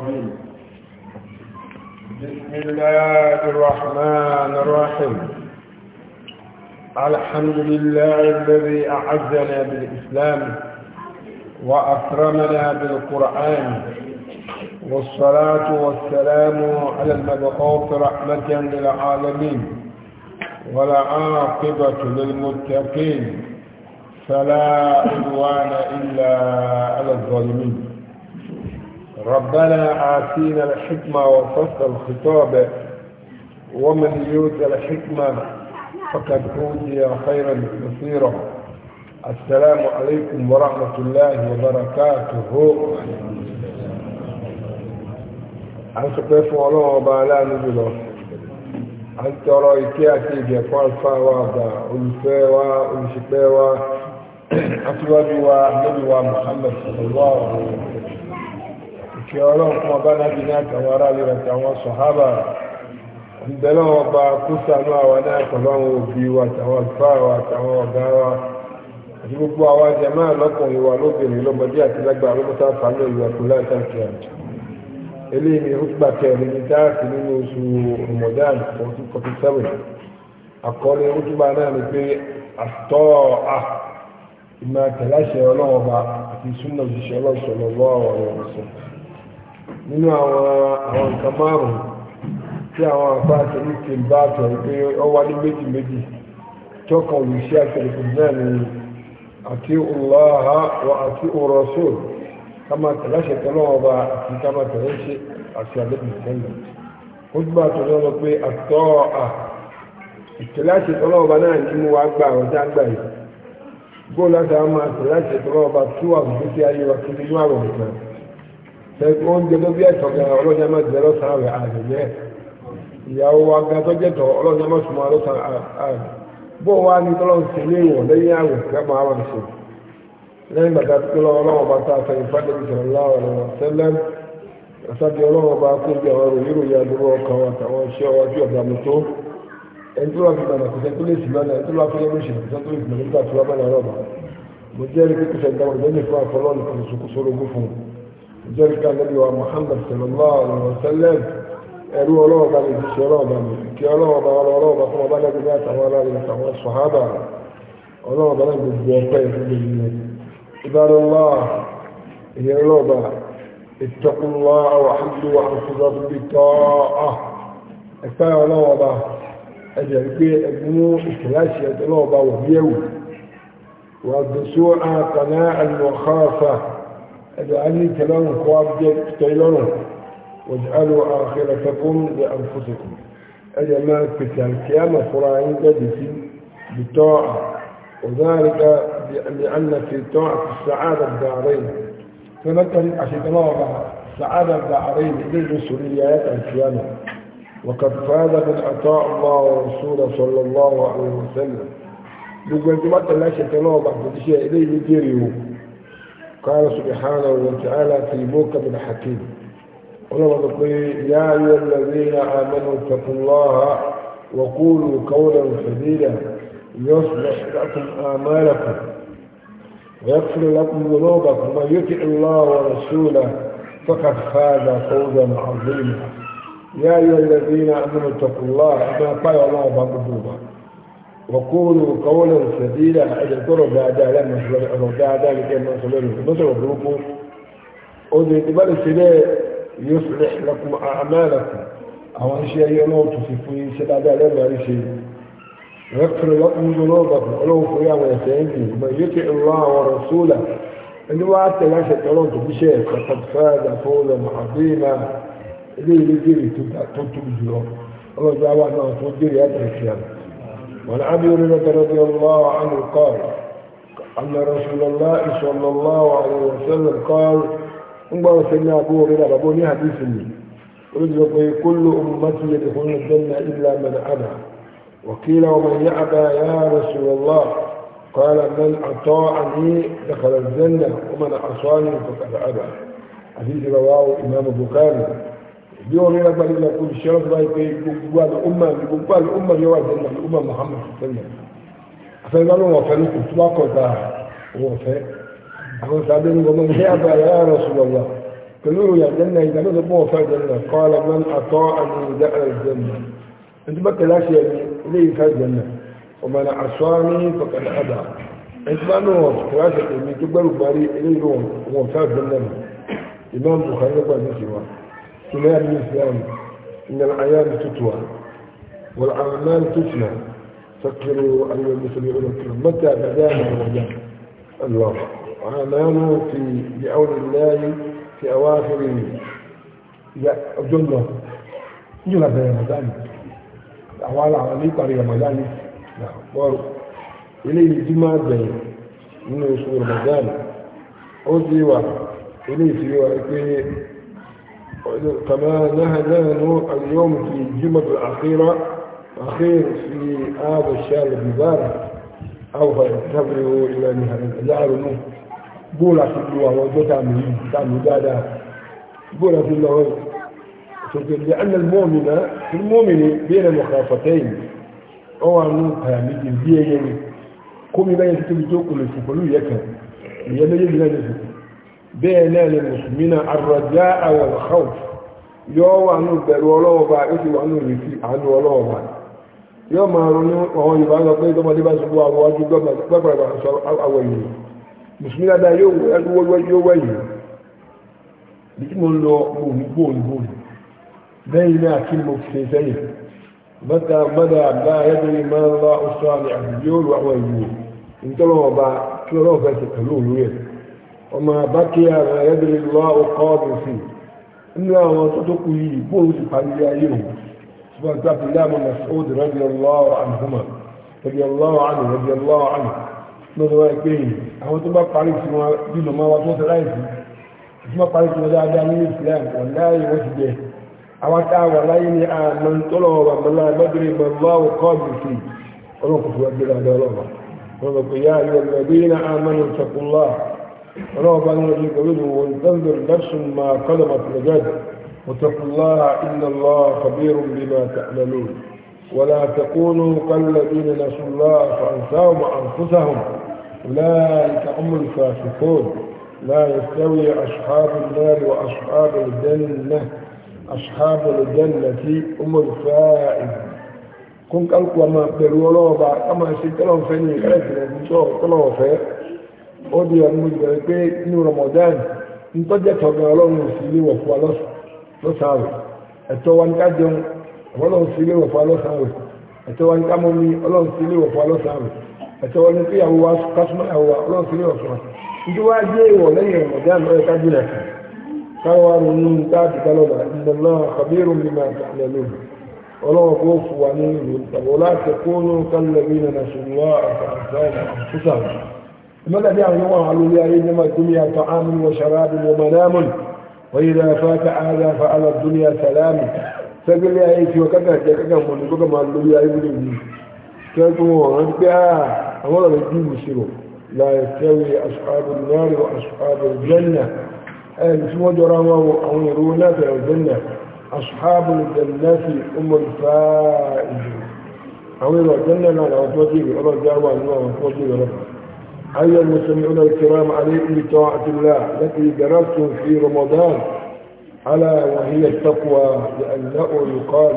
بسم الله الرحمن الرحيم الحمد لله الذي أعزنا بالإسلام وأكرمنا بالقرآن والصلاة والسلام على المبعوث رحمة للعالمين والعاقبة للمتقين فلا عدوان إلا على الظالمين ربنا آتينا الحكمة وفصل الخطاب ومن يؤت الحكمة فقد أوتي خيرا كثيرا السلام عليكم ورحمة الله وبركاته أنت أنتم الله وبعلا نجلوا أنت رأيكي أكيد يقول فاوا ألفاوا ألشفاوا أتوابي ونبي محمد صلى الله عليه وسلم kí ọlọ́run fún ọba nábì ní àtàwọn aráàlú rẹ̀ àtàwọn sọ̀hábà ìbẹ̀lẹ̀ ọba kúsànú àwa náà pẹ̀lú àwọn òbí wa àtàwọn àlùfáà wa àtàwọn ọ̀gá wa àti gbogbo àwa jẹ̀mọ́ àlọ́kùnrin wa lóbìnrin lọ́mọdé àti lágbà lọ́mọdé àfààní ìwà kò láìka ìkẹ́ àjọ eléyìí ni rúgbà kẹrin ní táàkì nínú oṣù Ramadan fourteen forty seven àkọlé rúgbà náà ni pé àtọ́ à ìmọ̀ àtẹ̀láṣẹ ọlọ́wọ́ àti súnmọ̀ òṣìṣẹ́ ọlọ́sọ̀lọ́wọ́ ọ̀rọ̀ ọ̀sẹ̀ nínú àwọn àwọn nǹkan márùn-ún tí àwọn àfa àtẹ̀lé ti bá àtọ̀ pé ọ wá ní méjì méjì tọkàn òyìṣẹ́ àtẹ̀lẹ́kùn náà ni àti ọlọ́ha wa àti ọ̀rọ̀ṣọ́ kama tẹ̀láṣẹ tọ́lọ́wọ́ bá àti kama tẹ̀láṣẹ àti àlẹ́bùn sẹ́yìn ó gbà tó lọ́wọ́ pé àtọ́ à ìtẹ̀láṣẹ tọ́lọ́wọ́ bá náà ní mú wa gbà ọjà gbà yìí bó láti àwọn máa tẹ̀láṣẹ tọ́lọ́wọ́ bá tú àbùkù sí ayé wa kiri ní àwọn òkè náà tẹ́kọ̀ oúnjẹ tó bí ẹ̀tọ́ gan ọlọ́jà máa jẹ́ lọ́sàn rẹ̀ àgbẹ̀jẹ́ ìyàwó wa gan tó jẹ́tọ̀ ọlọ́jà máa sùnmọ́ lọ́sàn àgbẹ̀ bó wa ní tọ́lọ́n sí ilé ìwọ̀n lẹ́yìn àwẹ̀ lẹ́mọ̀ àwọn ìṣe lẹ́yìn gbàgbà tó lọ ọlọ́wọ́ bá tá a fẹ́ ìfádé bí sọ̀rọ̀ láwọ̀ lọ́wọ́ sẹ́lẹ̀ ọ̀sájú ọlọ́wọ́ bá kó bí àwọn ròyìn ròyìn àdúrà ọkàn wa àtàwọn iṣẹ́ ọwọ́ tí ọ̀gá mi tó ẹni tó wà fi gbàgbà kùsẹ́ tó lè sì lọ́nà ẹni tó wà fi lẹ́mọ̀ ìṣẹ̀lẹ̀ kùsẹ́ tó lè sì lọ́nà nígbà tó wà bá náà rọ̀ mo jẹ́rìí pé kùsẹ́ ìdáwọ̀ ìdẹ́nìfọ́ àfọlọ́ọ̀nù kùsùkùsù orogún ذلك النبي محمد صلى الله عليه وسلم أروه الله بل يسير الله بل كي الله بل على الله بل كما بل يدعي تعالى بل تعالى الصحابة الله بل يدعي بالجنة عباد الله يا الله بل اتقوا الله وحمدوا وحفظوا بالطاعة أكفايا الله بل أجل في أبنو إخلاسية الله بل وبيو وأدسوا قناع المخافة اجعلني كلام جيد تيلونه واجعلوا آخرتكم لأنفسكم أجل ما كتل القيامة قرآن جديسي بالطاعة وذلك لأن في طاعة السعادة الدارين فمثل عشان الله السعادة الدارين إليه سريات القيامة وقد فاز من أطاع الله ورسوله صلى الله عليه وسلم يقول لك الله تلاش الله بعد شيء إليه يجريه قال سبحانه وتعالى في بن حكيم ولو يا أيها الذين آمنوا اتقوا الله وقولوا قولا سديدا يصلح لكم آمالكم ويغفر لكم ذنوبكم ومن يطع الله ورسوله فقد فاز فوزا عظيما يا أيها الذين آمنوا اتقوا الله ما قال الله بعد وقولوا قولا سديدا أجل ترى بعد ذلك سلوه بعدها لكما سلوه نصر بروكو أذن إتبار السلاء يصلح لكم أعمالكم أو أشياء ينوت في فيه سبعدها لما رشيه يغفر لكم ذنوبكم ولو فيا ويتعبني من يطع الله ورسوله إن وعدت لا شك شكرون بشيء فقد فاز فوزا عظيما ليه ليه تبتع تبتع الله تعالى أنه تبدأ يدعي الخيانة وعن أبي هريرة رضي الله عنه قال أن رسول الله صلى الله عليه وسلم قال انظر سيدنا أبو هريرة بابوني حديثني حديث طيب، كل أمتي يدخلون الجنة إلا من أبى وقيل ومن يأبى يا رسول الله قال من أطاعني دخل الجنة ومن عصاني فقد أبى حديث رواه إمام البخاري اليوم يا بني لا كل شرف باي كي بقول أمة بقول أمة يواجه الله أمة محمد صلى الله عليه وسلم أفعل الله وفعله إطلاق دا وفع أقول سادين قوم يا بني يا رسول الله كلوا يا جنة إذا ما تبغوا فعل جنة قال من أطاعني دع الجنة أنت ما تلاش يا لي فعل جنة ومن عصاني فقد أدى أنت ما نوع تلاش يا بني تبغوا بري إلى يوم وفعل جنة إمام بخاري قال نسيوه سنان الإسلام إن الأعيان تتوى والأعمال تتنى فكروا أن المسلمين الكرام متى بدانا الرجال الله عملوا في بأول الله في أواخر جملة جملة في رمضان أعوال عملية في رمضان نعم إليه جمعة بين من رسول رمضان أو سيوا إليه سيوا كما نهى اليوم في الجمعة الأخيرة أخير في هذا الشهر المبارك أو فانتبهوا إلى نهاية نوح بولا في الله وجو تعمل تعمل دادا بولا في الله لأن المؤمن في المؤمن بين مخافتين أو أنه تعمل بيه كم يبين جوكو لسفلو يكا يبين يجب أن bẹ́ẹ̀ náà ni mùsùlùmí náà àrọ̀já àwọn ọ̀hún yóò wà ní ìbẹ̀rù ọlọ́ọ̀bá yóò wà ní ìrètí àánú ọlọ́ọ̀bá yóò máa ronú àwọn yorùbá lọ pé tọmọdé bá ṣubú àwọn wájú gbàgbàgbà sọ àwọn ènìyàn mùsùlùmí dáadáa yóò wẹ̀yìn bí mo ń lọ òun mo fi sẹ́yìn bàtà máa ń lọ ọ̀ṣọ́ àmì وما بكي ما يدري الله قاضي فيه إنه هو تتقوي بوز قليائهم سبحانه وتعالى من مسعود رضي الله عنهما رضي الله عنه رضي الله عنه نظر إليه هو تبقى عليك سمع دين ما وصوت رأيك سمع عليك وزا داني الإسلام والله وجده أوتا والله آمن طلوا وما بدري ما الله قاضي فيه ونقف وأبدا الله ونقف يا أيها الذين آمنوا اتقوا الله ولو بعد ذلك يقولون وانتظر نفس ما قدمت لجد واتقوا الله إن الله خبير بما تعملون ولا تكونوا كالذين نسوا الله فأنساهم أنفسهم أولئك هم الفاسقون لا يستوي أصحاب النار وأصحاب الجنة أصحاب الجنة هم الفائزون كن قلقوا ما بلوا بعد أما سيكلهم فيني كلهم فيني كلهم فيني ó di ọdún ìgbẹ̀rẹ̀ pé inú Ramadan ní tọ́jẹ́ tọ́gbẹ̀ ọlọ́run sí ilé wọ̀ fún alọ́sàáwẹ̀ ẹ̀tọ́ wa ní ká jẹun ọlọ́run sí ilé wọ̀ fún alọ́sàáwẹ̀ ẹ̀tọ́ wa ní ká mọ́mí ọlọ́run sí ilé wọ̀ fún alọ́sàáwẹ̀ ẹ̀tọ́ wa ní kíyàwó wa kásùmọ́ ẹ̀wọ̀ wa ọlọ́run sí ilé wọ̀ fún wa nítorí wá jẹ́ ìwọ̀ lẹ́yìn Ramadan ọ̀yẹ́ ká jìnà sí káwa ronú káàdì kálọ̀bà ìdọ̀lá kàbírùn ọlọ́wọ́ kó fún wa ní ìlú tàbí ọlá àti kóónù kálẹ̀ bí nana ṣùgbọ́n àti àti àwọn ماذا يعني على لي إنما الدنيا طعام وشراب ومنام وإذا فات هذا فعلى الدنيا سلام فقل يا أيتي وكذا جكذا من كذا ما لي أي كنتم كذا أنبياء أولا الدين يسيروا لا يستوي أصحاب النار وأصحاب الجنة اسمه جرامه أو يرونا في الجنة أصحاب الجنة في أم الفائز أولا جنة لا لا توجيه الله جاوب الله توجيه ربنا حي المستمعون الكرام عليكم بطاعه الله التي جربتم في رمضان ألا وهي التقوى لان يقال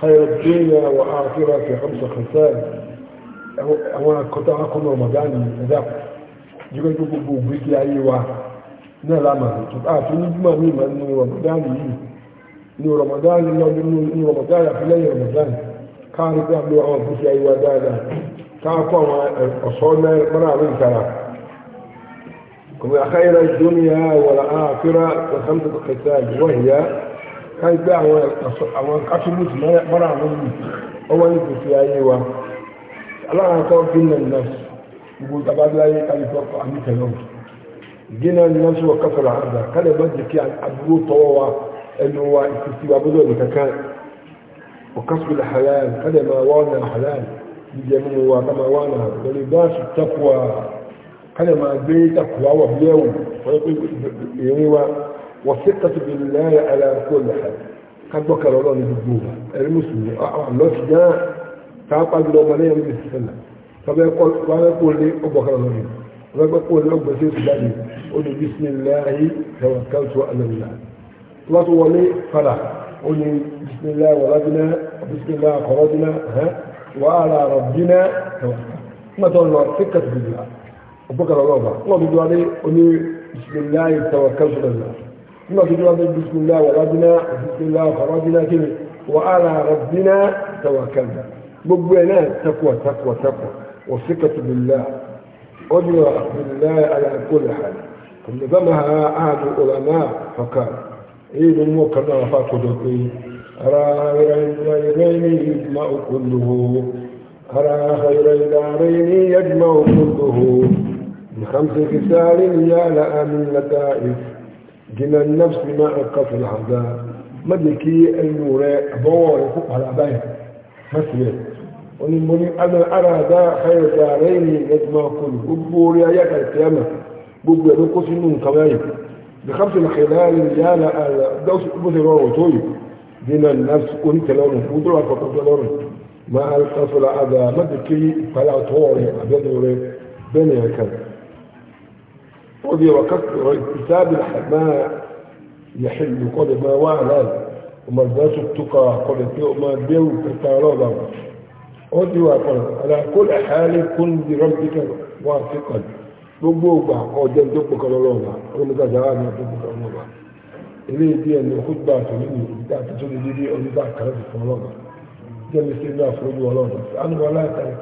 خير الدنيا وآخرة في خمس خسائر هو قطع كل رمضان ذاك يقول لك بوبيك يا ايوا لا ما قطع آه، في من رمضان من رمضان من رمضان في ليل رمضان كان يقول لك بوبيك يا تعقوا أصول من عظيم كما خير الدنيا والآخرة وخمسة القتال وهي كان باع وان قتل مسلم من عظيم أول في أيوة الله أعطوا جنة الناس يقول تبعد لا يتعرف وقع عميك اليوم جنة الناس وكفر عرضا كان يبدك يعني أبرو طوى أنه هو استيبابه لك كان وكسب الحلال كان ما وانا حلال jíjẹmú wa kama wà náà lórí báàsù takuwa kálẹ̀ máa gbé takuwa wà bí ẹ̀wù wọ́n pé èrè wa wọ́n fi tàbí bí láyà aláàkó lẹ́hà kágbọ́ kàrọ̀ lọ́wọ́ ní gbogbo wa ẹ̀rí mùsùlùmí lọ́sì náà káàpá jùlọ ọmọ lẹ́yìn ní ìsìlẹ̀ tọ́bẹ̀ kó lé ọgbọ̀ kàrọ̀ lọ́wọ́ tọ́bẹ̀ kó lé ọgbọ̀ sí ìsìlẹ̀ ó ní bisimilahi tawakkaltu alamina tó bá tó wọlé padà ó ní bisimilahi wàlábìnà bisimilahi kọ̀rọ̀bìnà hàn وعلى ربنا توكلنا ما تقول بالله وبكر الله ما تقول عليه بسم الله توكلت بالله ما تقول عليه بسم الله ولدنا بسم الله خرجنا كذا وعلى ربنا توكلنا بقينا تقوى تقوى تقوى وثقة بالله أجرى بالله على كل حال قد ذمها أحد العلماء فقال إيه من موكلنا فاتوا أرى خير الدارين يجمع كله أرى خير الدارين يجمع كله من خمس كسال يا لأمن لتائف جنى النفس بما أقف الحظاء مدكي النوراء بوار فوق على بايه مثلا ونمني أنا أرى ذا خير دارين يجمع كله قبور يا يكا القيامة قبور يا قسم من قبائل بخمس الخلال يا لأمن لتائف دين الناس قلت لهم ودروا فقلت لهم ما القصر هذا مدكي فلا طوري دوري بني هكذا قضي وقت اكتساب الحماء يحل قد ما وعلا وما الناس ابتقى قد ما بيو كتارا قضي وقت على كل حال كن بربك واثقا ربوبا قد ينتبك لولوبا ربك جعلنا ربك لولوبا ilé ìdí ẹni kúgbà tó nínú ìgbà tó tó lè dé onígbà kàrẹ́sì fún ọlọ́run jẹ́ mi sí ilé àforójú ọlọ́run àánú wọn láì tàyè